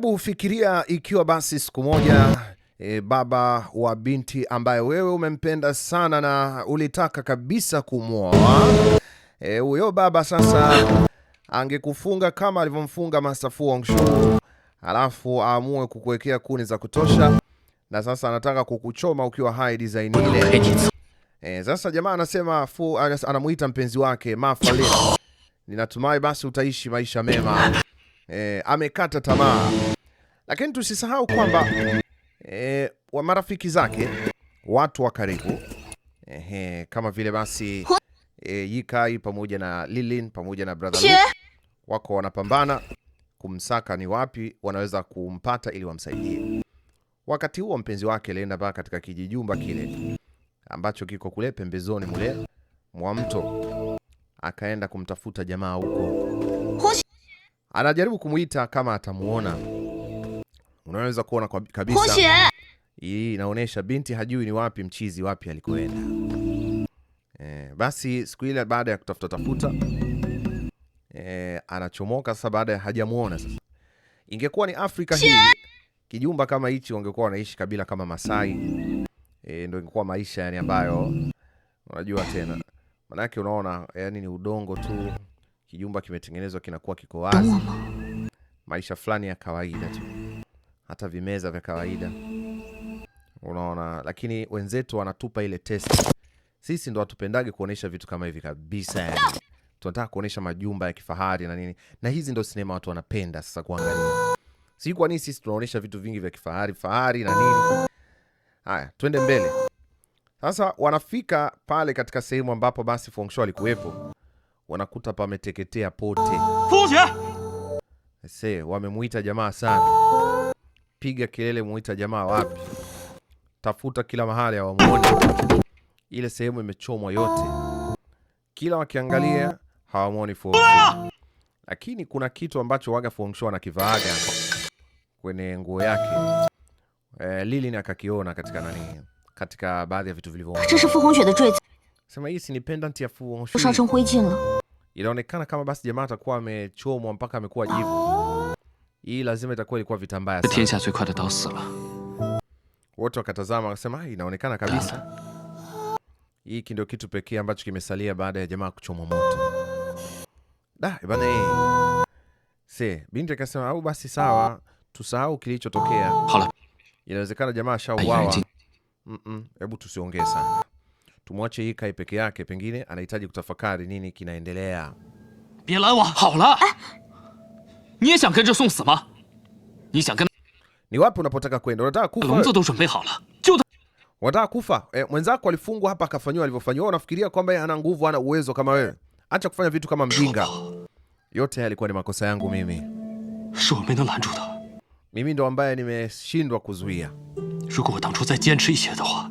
Hebu fikiria ikiwa basi siku moja e, baba wa binti ambaye wewe umempenda sana na ulitaka kabisa kumwoa e, huyo e, baba sasa angekufunga kama alivyomfunga Master Fu Hongxue, alafu aamue kukuwekea kuni za kutosha, na sasa anataka kukuchoma ukiwa hai design ile. E, sasa jamaa anasema Fu anamuita mpenzi wake Ma Fangling, ninatumai basi utaishi maisha mema eh, amekata tamaa, lakini tusisahau kwamba eh, wa marafiki zake watu wa karibu eh, kama vile basi e, eh, Yikai pamoja na Lilin pamoja na brother Luke wako wanapambana kumsaka ni wapi wanaweza kumpata ili wamsaidie. Wakati huo mpenzi wake alienda mpaka katika kijijumba kile ambacho kiko kule pembezoni mule mwa mto, akaenda kumtafuta jamaa huko anajaribu kumuita kama atamuona. Unaweza kuona kabisa eh? hii inaonyesha binti hajui ni wapi mchizi wapi alikoenda. E, basi siku ile baada ya kutafuta tafuta e, anachomoka sasa baada ya hajamuona sasa. Ingekuwa ni Afrika hii kijumba kama hichi wangekuwa wanaishi kabila kama Masai. E, ndio ingekuwa maisha yani ambayo unajua tena. Manake unaona yani ni udongo tu Kijumba kimetengenezwa kinakuwa kiko wazi, maisha fulani ya kawaida tu, hata vimeza vya kawaida unaona. Lakini wenzetu wanatupa ile test. Sisi ndo hatupendagi kuonesha vitu kama hivi kabisa, yani tunataka kuonesha majumba ya kifahari na nini, na hizi ndo sinema watu wanapenda sasa kuangalia. Si kwa nini sisi tunaonesha vitu vingi vya kifahari fahari na nini? Haya, twende mbele sasa. Wanafika pale katika sehemu ambapo basi Fu Hongxue alikuwepo wanakuta pameteketea pote. Se, wamemuita jamaa sana. Piga kelele, muita jamaa wapi? Tafuta kila mahali hawamuoni. Ile sehemu imechomwa yote, kila wakiangalia hawamuoni Fu Hongxue, lakini kuna kitu ambacho waga Fu Hongxue anakivaaga kwenye nguo yake. Eh, Lilin akakiona katika nani, katika baadhi ya vitu vilivyo. Sema hii si ni pendant ya Fu Hongxue. Inaonekana kama basi jamaa atakuwa amechomwa mpaka amekuwa jivu. Hii lazima itakuwa ilikuwa vita mbaya sana. Wote wakatazama wakasema, inaonekana kabisa hiki ndio kitu pekee ambacho kimesalia baada ya jamaa kuchomwa moto. Da, bana eh. Se, binti akasema au basi sawa, tusahau kilichotokea. Inawezekana jamaa ashauawa. Mm -mm, hebu tusiongee sana. Tumwache hii kae peke yake, pengine anahitaji kutafakari nini kinaendelea. Ah! Ni wapi unapotaka kwenda? Unataka kufa? Unataka kufa? Eh, mwenzako alifungwa hapa akafanyiwa alivyofanyiwa. Unafikiria kwamba ana nguvu, ana uwezo kama wewe? Acha kufanya vitu kama mjinga. Yote yalikuwa ni makosa yangu mimi. Mimi ndo ambaye nimeshindwa kuzuia. 如果我当初再坚持一些的话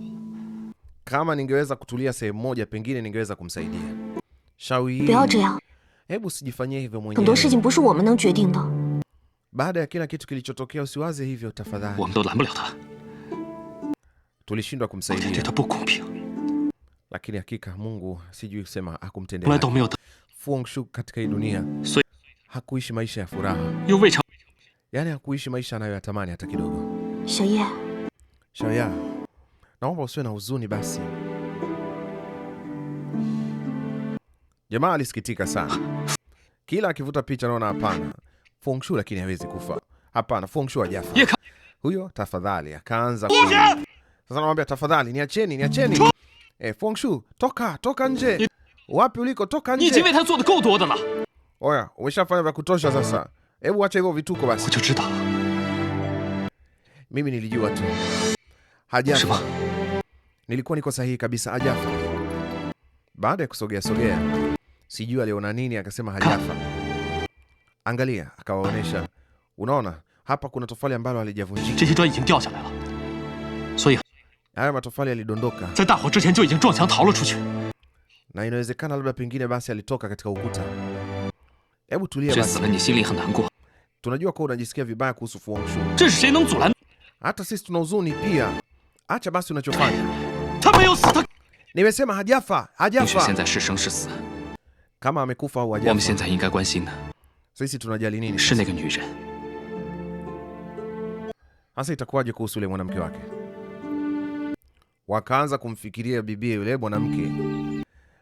kama ningeweza kutulia sehemu moja, pengine ningeweza kumsaidia. hebu usijifanyie hivyo mwenyewe. Baada ya kila kitu kilichotokea, usiwaze hivyo tafadhali. Tulishindwa kumsaidia, lakini hakika Mungu, sijui kusema, hakumtendea Fu Hongxue katika hii dunia. Hakuishi maisha ya furaha, yaani hakuishi maisha anayoyatamani hata kidogo. Shaya. Shaya naomba usiwe na huzuni basi. Jamaa alisikitika sana, kila akivuta picha naona hapana, Fengshu lakini hawezi kufa. Hapana, Fengshu hajafa huyo, tafadhali. Akaanza sasa, namwambia tafadhali, niacheni, niacheni. Eh, Fengshu toka, toka nje, wapi uliko, toka nje. Oya, umeshafanya vya kutosha sasa, hebu acha hivyo vituko basi. Mimi nilijua tu hajafa nilikuwa niko sahihi kabisa, hajafa. Baada ya kusogea sogea, sijui aliona nini, akasema hajafa. Angalia, akawaonyesha, unaona hapa kuna tofali ambalo halijavunjika. Haya matofali yalidondoka, na inawezekana labda pengine basi alitoka katika ukuta. Hebu tulia basi, tunajua kuwa unajisikia vibaya kuhusu Fu Hongxue, hata sisi tuna huzuni pia. Acha basi unachofanya Nimesema hajafa, hajafa. Kama amekufa au hajafa. Sisi tunajali nini? Sasa itakuwaje kuhusu yule mwanamke wake? Wakaanza kumfikiria bibie yule mwanamke.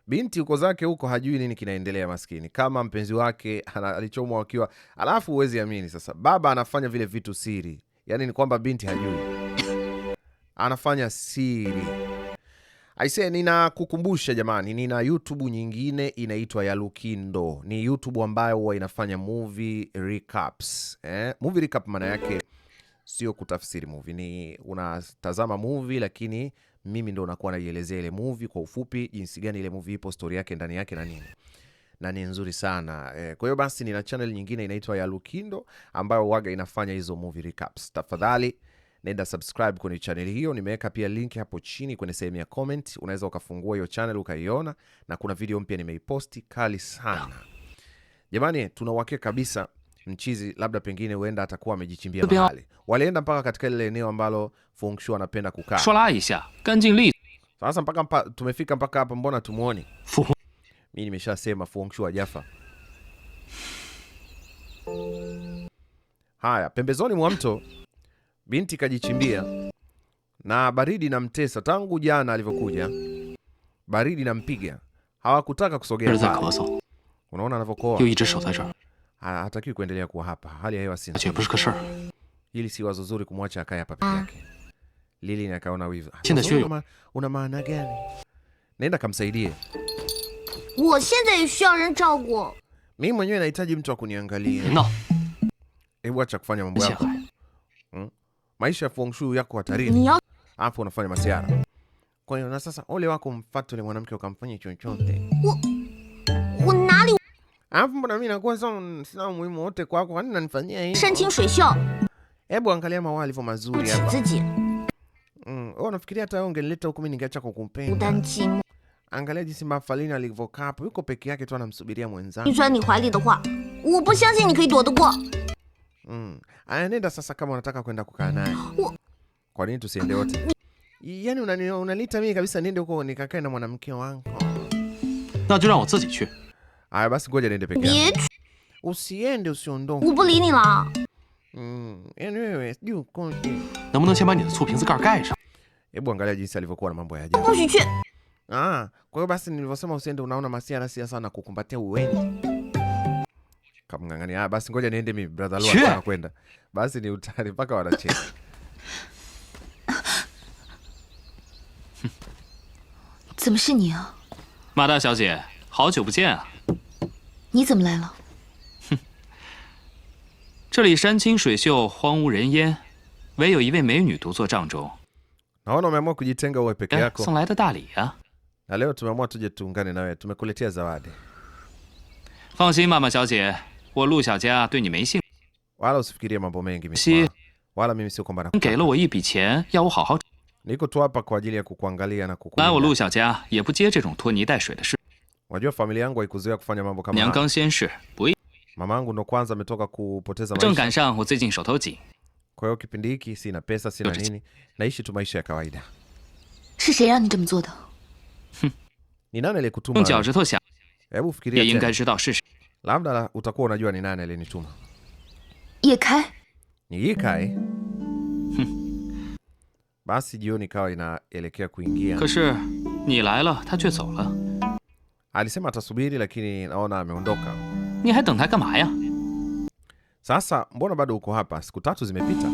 Binti uko zake huko hajui nini kinaendelea maskini. Kama mpenzi wake alichomwa wakiwa, alafu huwezi amini sasa. Baba anafanya vile vitu siri. Yaani ni kwamba binti hajui. Anafanya siri. Aise, ninakukumbusha jamani, nina YouTube nyingine inaitwa ya Lukindo. Ni YouTube ambayo huwa inafanya movie recaps. Eh, movie recap maana yake sio kutafsiri movie, ni unatazama movie lakini mimi ndo nakuwa naielezea ile movie kwa ufupi, jinsi gani ile movie ipo, story yake ndani yake na nini na ni nzuri sana eh. Kwa hiyo basi nina channel nyingine inaitwa ya Lukindo ambayo waga inafanya hizo movie recaps. Tafadhali nenda subscribe kwenye channel hiyo. Nimeweka pia link hapo chini kwenye sehemu ya comment, unaweza ukafungua hiyo channel ukaiona, na kuna video mpya nimeiposti kali sana. Jamani, tuna uhakika kabisa mchizi labda pengine huenda atakuwa amejichimbia mahali. Walienda mpaka katika lile eneo ambalo Feng Shui anapenda kukaa. Sasa mpaka mpa, tumefika mpaka hapa, mbona tumuoni? Mimi nimeshasema Feng Shui hajafa. Haya, pembezoni mwa mto Binti kajichimbia na baridi namtesa tangu jana alivyokuja, baridi nampiga, hawakutaka kusogea. Unaona anavyokoa, hatakiwi kuendelea kuwa hapa, hali ya hewa si hili. Si wazo zuri kumwacha akae hapa peke yake. Lili akaona wivu, una maana gani? Nenda kamsaidie mimi mwenyewe, nahitaji mtu wa kuniangalia. Hebu acha kufanya mambo yako maisha ya Fu Hongxue yako hatarini, hapo unafanya masiara. Kwa hiyo na sasa ole wako mfate ule mwanamke ukamfanya chochote. Alafu mbona mimi nakuwa sina umuhimu wote kwako, kwani nanifanyia hii? Hebu angalia mawa alivyo mazuri hapa. Mm, wewe unafikiria hata wewe ungenileta huku mimi ningeacha kukupenda? Angalia jinsi Ma Fangling alivyokaa hapo, yuko peke yake tu anamsubiria mwenzake. Mm. Aya, nenda sasa kama unataka kwenda kukaa naye. Kwa nini tusiende wote? Yani unaniita mimi kabisa niende huko nikakae na mwanamke wangu. Aya, basi ngoja niende peke yangu. Usiende, usiondoke. Ubulini mm, wewe Hebu angalia jinsi alivyokuwa na mambo ya ajabu. Ah, kwa hiyo basi nilivyosema usiende, unaona masiara sia sana kukumbatia uende. 卡 怎么是你啊？马大小姐，好久不见啊！你怎么来了？哼，这里山清水秀，荒无人烟，唯有一位美女独坐帐中。送来的大礼呀！放心吧，马小姐。我陆小佳对你没兴趣，给了我一笔钱，要我好好。Niko tu hapa hiyo kipindi hiki sina pesa, sina nini, naishi tu maisha ya kawaida. Shi shi rang ni Ni nani aliyekutuma? Zheng jiao zhi Hebu fikiria. Ye ying gai zhi dao Labda utakuwa unajua ni nani alinituma. Ye Kai. Ni Ye Kai. Mm. Hmm. Basi jioni ikawa inaelekea kuingia. Kashi, ni laila, ta chue zou Alisema atasubiri lakini naona ameondoka. Ni hai deng ta gama ya? Sasa mbona bado uko hapa? Siku tatu zimepita.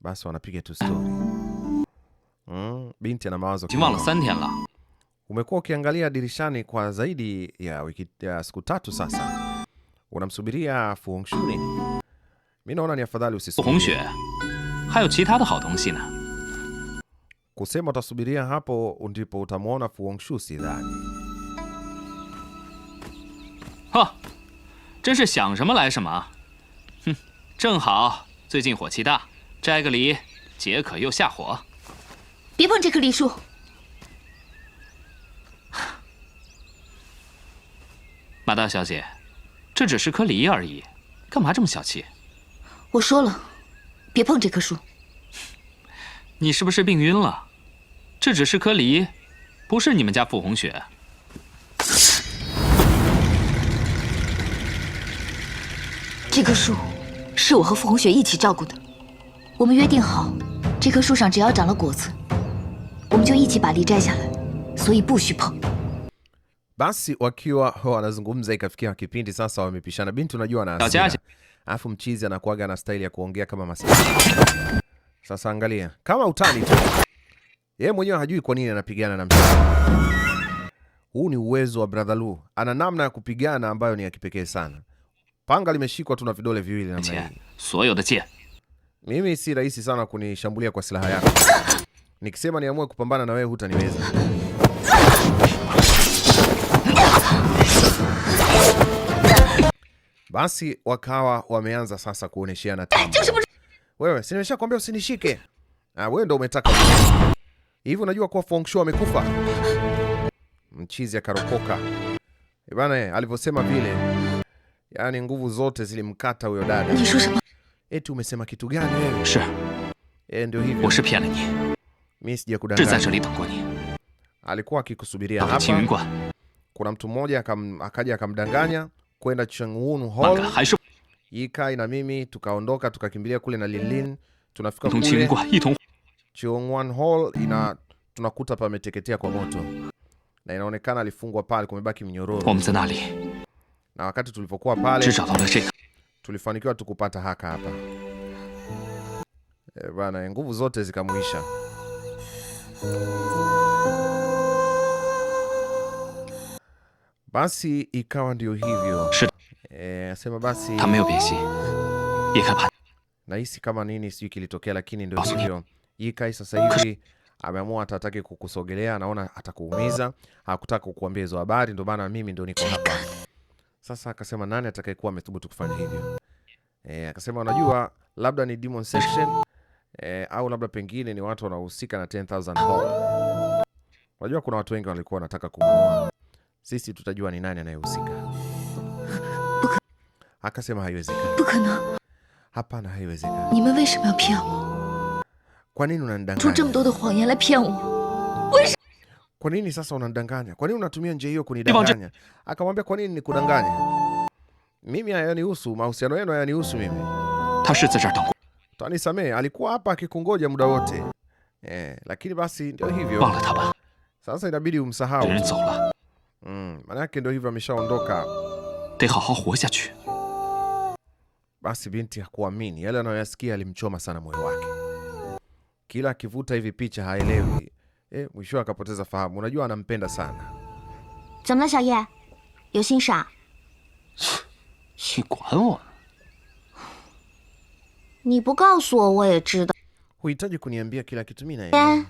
Basi wanapiga tu story. Mm, binti ana mawazo. Jumala san tian la. 苏红雪，还有其他的好东西呢。哈，真是想什么来什么，哼，正好最近火气大，摘个梨解渴又下火。别碰这棵梨树！马大小姐，这只是棵梨而已，干嘛这么小气？我说了，别碰这棵树。你是不是病晕了？这只是棵梨，不是你们家傅红雪。这棵树是我和傅红雪一起照顾的，我们约定好，这棵树上只要长了果子，我们就一起把梨摘下来，所以不许碰。Basi wakiwa wanazungumza ikafikia kipindi sasa wamepishana. Binti unajua na hasira. Alafu mchizi anakuaga na staili ya kuongea kama maskini. Sasa angalia, kama utani tu. Yeye mwenyewe hajui kwa nini anapigana na mchizi. Huu ni uwezo wa Brother Lu. Ana namna ya kupigana ambayo ni ya kipekee sana. Panga limeshikwa tu na vidole viwili namna hii. Mimi si rahisi sana kunishambulia kwa silaha yako. Nikisema niamue kupambana na wewe hutaniweza. Basi wakawa wameanza sasa kuonesheana tambo. Eh, wewe, si nimeshakwambia usinishike? Ah, wewe ndo umetaka. Hivi unajua kuwa Feng Shui amekufa? Mchizi akarokoka. E bana, alivyosema vile. Yaani nguvu zote zilimkata huyo dada. Eti umesema kitu gani wewe? Eh, ndio hivyo. Mimi sijakudanganya. Alikuwa akikusubiria hapa kuna mtu mmoja akaja akamdanganya kwenda Changwon Hall. Ye Kai na mimi tukaondoka tukakimbilia kule na Linlin. Tunafika kule Hall ina tunakuta pameteketea kwa moto na inaonekana alifungwa pale, kumebaki mnyororo. Na wakati tulipokuwa pale tulifanikiwa tukupata haka hapa e bana, nguvu zote zikamwisha. Basi ikawa ndio hivyo. E, asema basi nahisi kama nini sijui kilitokea, lakini ndio hivyo. Ye Kai sasa hivi ameamua atataki kukusogelea, anaona atakuumiza, hakutaka kukuambia hizo habari, ndio maana mimi ndio niko hapa sasa. Akasema nani atakayekuwa amethubutu kufanya hivyo? E, akasema unajua, labda ni Demon Section e, au labda pengine ni watu wanaohusika na 10000 Hall. Unajua kuna watu wengi walikuwa wanataka kumuua sisi tutajua ni nani anayehusika. Akasema haiwezekani, hapana, haiwezekani. Kwa nini unanidanganya? Kwa nini sasa unanidanganya? Kwa nini unatumia njia hiyo kunidanganya? Akamwambia, kwa nini nikudanganya mimi? Hayanihusu, mahusiano yenu hayanihusu mimi. Tanisamee, alikuwa hapa akikungoja muda wote eh, lakini basi ndio hivyo sasa, inabidi umsahau. Mm, manake ndio hivyo ameshaondoka. Basi binti hakuamini yale anayoyasikia, alimchoma sana moyo wake. Kila akivuta hivi picha haelewi eh, mwisho akapoteza fahamu. Unajua anampenda sana. Huhitaji kuniambia kila kitu mimi na yeye. Eh,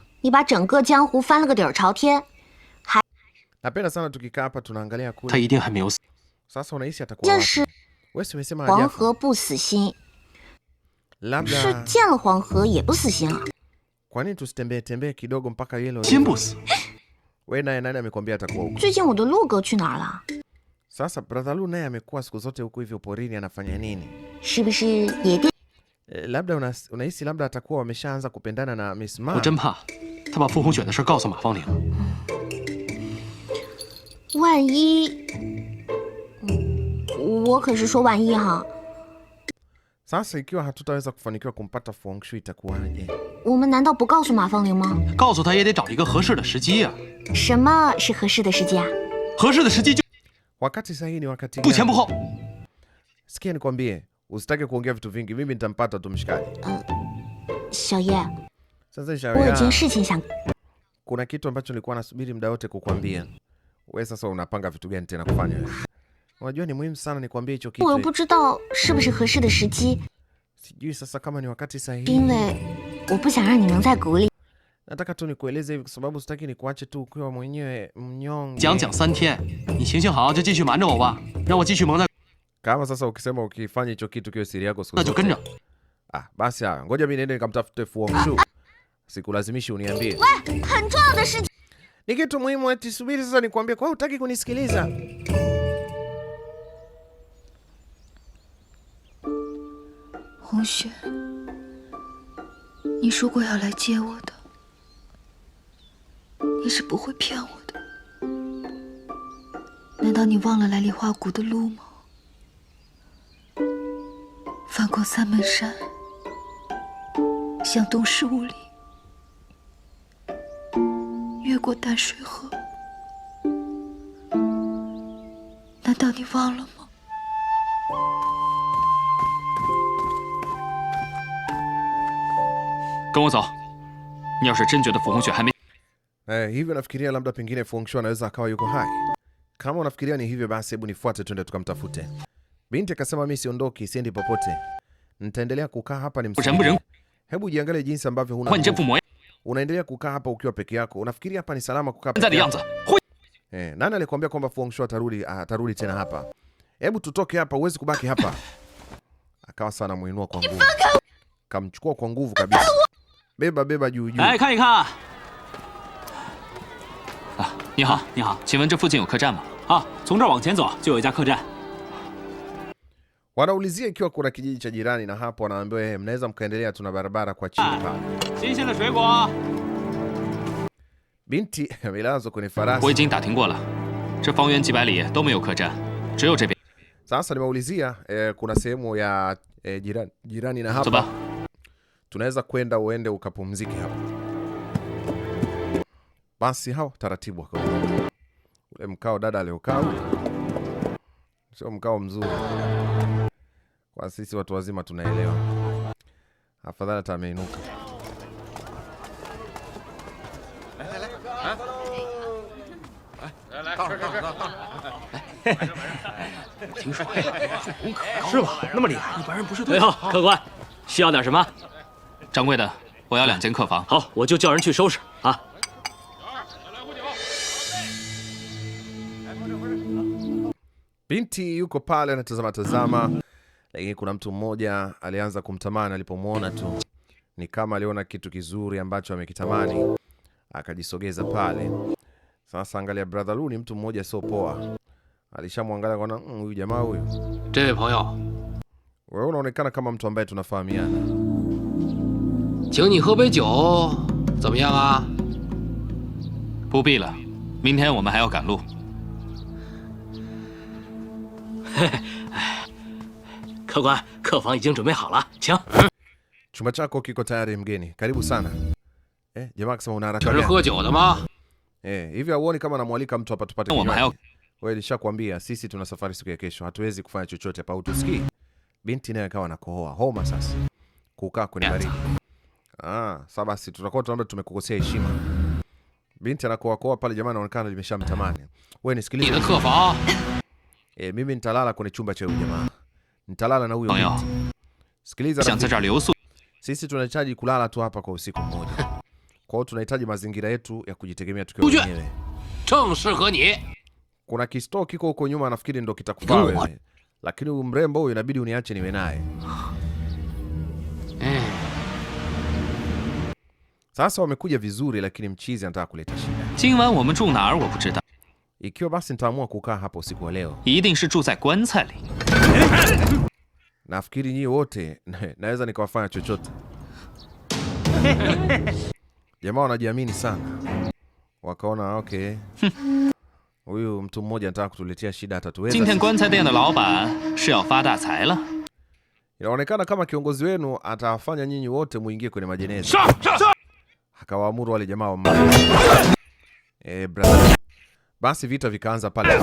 Napenda sana tukikaa hapa tunaangalia kule. Sasa unahisi atakuwa wapi? Wewe umesema Labda kwa nini tusitembee tembee kidogo mpaka yelo? Wewe naye nani amekwambia atakuwa huko? Sasa brother Lu naye amekuwa siku zote huko hivyo porini anafanya nini? Labda unahisi labda atakuwa wameshaanza kupendana na Miss Ma. 万一，我可是说万一哈。Sasa ikiwa hatutaweza kufanikiwa kumpata Feng Shui itakuwaje? 我们难道不告诉马芳玲吗？告诉他也得找一个合适的时机呀、什么是合适的时机啊？合适的时机就 Wakati sahihi ni wakati 不前不 gani? 后。Sikia nikwambie, usitake kuongea vitu vingi, mimi nitampata tu mshikaji. Uh, 小叶，Sasa 我有件 Shaya, 事情想，kuna kitu ambacho nilikuwa nasubiri muda wote kukwambia. We sasa unapanga vitu gani tena kufanya? Unajua ni muhimu sana nikwambie hicho kitu. Sijui sasa kama ni wakati sahihi. Nataka tu nikueleze hivi kwa sababu sitaki nikuache tu ukiwa mwenyewe mnyonge. Kama sasa ukisema ukifanya hicho kitu kiwe siri yako siku zote. Ah, basi haya. Ngoja mimi niende nikamtafute Fu Hongxue. Sikulazimishi uniambie. 你给托莫伊莫埃蒂斯维尔先生的，昆比亚，我有登记，我有登记。红雪，你说过要来接我的，你是不会骗我的。难道你忘了来梨花谷的路吗？翻过三门山，向东十五里。越过大水河。难道你忘了吗？跟我走。你要是真觉得傅红雪还没……哎，hivyo nafikiria labda pengine Fu Hongxue anaweza akawa yuko hai. Kama unafikiria ni hivyo, basi hebu nifuate, twende tukamtafute. Binti akasema, mimi siondoki, siendi popote, nitaendelea kukaa hapa. Ni hebu jiangalie jinsi ambavyo huna unaendelea kukaa hapa ukiwa peke yako? Unafikiri hapa ni salama kukaa peke yako? Eh, nani alikwambia kwamba Fu Hongxue atarudi atarudi tena hapa? Hebu tutoke hapa, uwezi kubaki hapa. Akawa sana muinua kwa nguvu. Kamchukua kwa nguvu kabisa. Beba beba juu juu. Hai, kai ka. Ah, ni ha, ni ha. Ha, zhe zhe fujin you you ma? zong wang qian zuo, jiu hao. 请问这附近有客栈吗？啊，从这儿往前走就有一家客栈。Wanaulizia ikiwa kuna kijiji cha jirani, na hapo wanaambiwa eh, mnaweza mkaendelea, tuna barabara kwa chini ah. pale. Binti amelazwa kwenye farasi. Sasa nimeulizia eh, kuna sehemu ya eh, jirani, jirani na hapa tunaweza kwenda, uende ukapumzike hapo. Basi hao taratibu, ule mkao dada aliokaa sio mkao mzuri. 哇！司机，我托着你，我托着你，我托着你。来来来，啊！来来，吃吃吃吃吃。哎，听说呀，武功可高，是吧？那么厉害，一般人不是对手。你好，客官，需要点什么？掌柜的，我要两间客房。好，我就叫人去收拾啊。小二，来壶酒。哎，我的我的。Binti ukupala na tuzama tuzama。lakini kuna mtu mmoja alianza kumtamani. Alipomwona tu ni kama aliona kitu kizuri ambacho amekitamani, akajisogeza pale. Sasa angalia, brother Lu ni mtu mmoja sio poa, alishamwangalia kaona mm, huyu jamaa huyu, wewe unaonekana kama mtu ambaye tunafahamiana, 客官，客房已经准备好了，请。Chumba chako kiko tayari mgeni, karibu sana. Eh, jamaa akasema una haraka gani? Eh, hivi kama namwalika mtu hapa tupate Wewe sisi tuna safari siku ya kesho, hatuwezi kufanya chochote hapa Binti naye akawa homa sasa. Kukaa kwenye baridi. Ah, sasa basi tutakuwa tunaomba tumekukosea heshima. Binti pale, jamaa anaonekana limeshamtamani. Wewe nisikilize. Eh, mimi nitalala kwenye chumba cha huyu jamaa. Nitalala na huyo binti. Sikiliza, sisi tunahitaji kulala tu hapa kwa usiku mmoja. Kwa hiyo tunahitaji mazingira yetu ya kujitegemea tukiwa wenyewe. Kuna kisto kiko huko nyuma nafikiri ndo kitakufaa wewe. Lakini mrembo huyu inabidi uniache niwe naye. Eh. Sasa wamekuja vizuri lakini mchizi anataka kuleta shida. Ikiwa basi nitaamua kukaa hapo usiku wa leo, nafikiri nyinyi wote naweza nikawafanya chochote. Jamaa wanajiamini sana, wakaona okay, huyu mtu mmoja anataka kutuletea shida, atatuweza. Inaonekana kama kiongozi wenu atawafanya nyinyi wote muingie kwenye majeneza. Akawaamuru wale jamaa wa e, brother basi vita vikaanza pale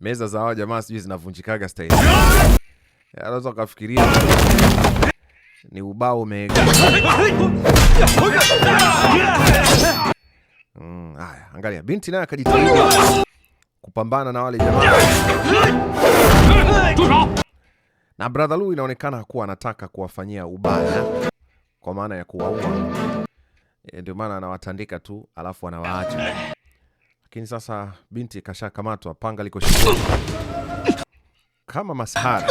Meza za hawa jamaa sijui zinavunjikaga staili. Anaweza ukafikiria ni ubao umeega. Mm, haya, angalia binti naye akajitahidi kupambana na wale jamaa. Na brother Lu inaonekana kuwa anataka kuwafanyia ubaya kwa maana ya kuwaua. Eh, ndio maana anawatandika tu alafu anawaacha. Eh. Lakini sasa binti kashakamatwa, panga liko shingoni kama masahara,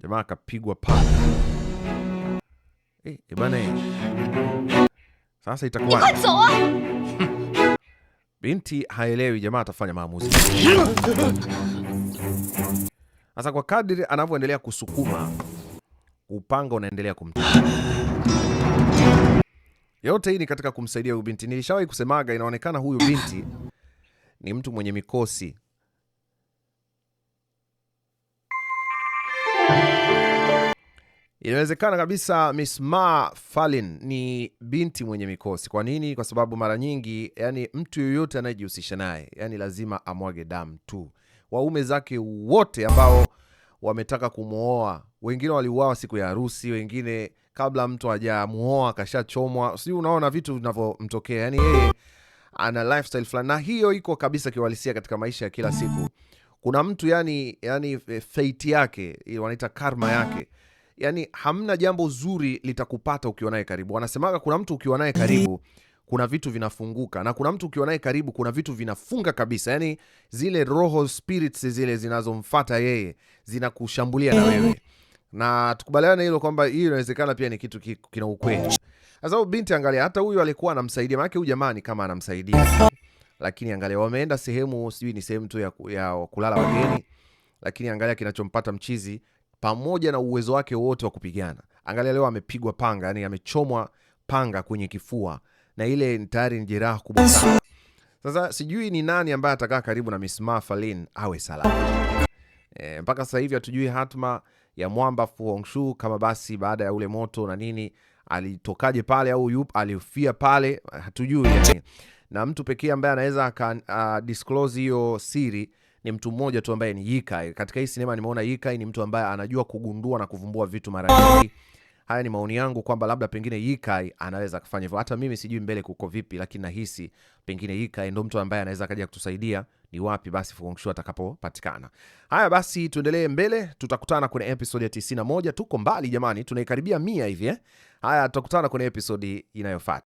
jamaa akapigwa panga. Eh, eh bana, sasa itakuwa binti haelewi, jamaa atafanya maamuzi sasa. Kwa kadri anavyoendelea kusukuma upanga unaendelea kumtia yote hii ni katika kumsaidia huyu binti. Nilishawahi kusemaga, inaonekana huyu binti ni mtu mwenye mikosi. Inawezekana kabisa Miss Ma Fangling ni binti mwenye mikosi. Kwa nini? Kwa sababu mara nyingi, yani mtu yoyote anayejihusisha naye, yani lazima amwage damu tu. Waume zake wote ambao wametaka kumwoa, wengine waliuawa siku ya harusi, wengine kabla mtu hajamuoa akashachomwa sijui unaona vitu vinavyomtokea. Yani yeye ana lifestyle fulani, na hiyo iko kabisa kiuhalisia katika maisha ya kila siku. Kuna mtu yani, yani eh, fate yake wanaita karma yake yani, hamna jambo zuri litakupata ukiwa naye karibu. Wanasemaga kuna mtu ukiwa naye karibu kuna vitu vinafunguka, na kuna mtu ukiwa naye karibu, kuna vitu vinafunga kabisa, yani zile roho spirits zile zinazomfata yeye zinakushambulia na wewe, na tukubaliana na hilo kwamba hii inawezekana pia ni kitu kina ukweli. Sasa binti, angalia, hata huyu alikuwa anamsaidia, maana huyu jamani kama anamsaidia, lakini angalia, wameenda sehemu, sijui ni sehemu tu ya, ya kulala wageni, lakini angalia kinachompata mchizi, pamoja na uwezo wake wote wa kupigana, angalia leo amepigwa panga, yani amechomwa panga kwenye kifua na ile tayari ni jeraha kubwa sana. Sasa sijui ni nani ambaye atakaa karibu na Misma Falin awe salama. E, mpaka sasa hivi hatujui hatma ya mwamba Fu Hongxue kama basi baada ya ule moto na nini alitokaje pale au yupo alifia pale hatujui yani. Na mtu pekee ambaye anaweza aka disclose hiyo siri ni mtu mmoja tu ambaye ni Ye Kai. Katika hii sinema nimeona Ye Kai ni mtu ambaye anajua kugundua na kuvumbua vitu mara nyingi. Haya ni maoni yangu kwamba labda pengine Yikai anaweza kufanya hivyo. Hata mimi sijui mbele kuko vipi, lakini nahisi pengine Yikai ndo mtu ambaye anaweza akaja kutusaidia ni wapi basi Fu Hongxue atakapopatikana. Haya basi, tuendelee mbele, tutakutana kwenye episodi ya 91. Tuko mbali jamani, tunaikaribia mia hivi eh. Haya, tutakutana kwenye episodi inayofuata.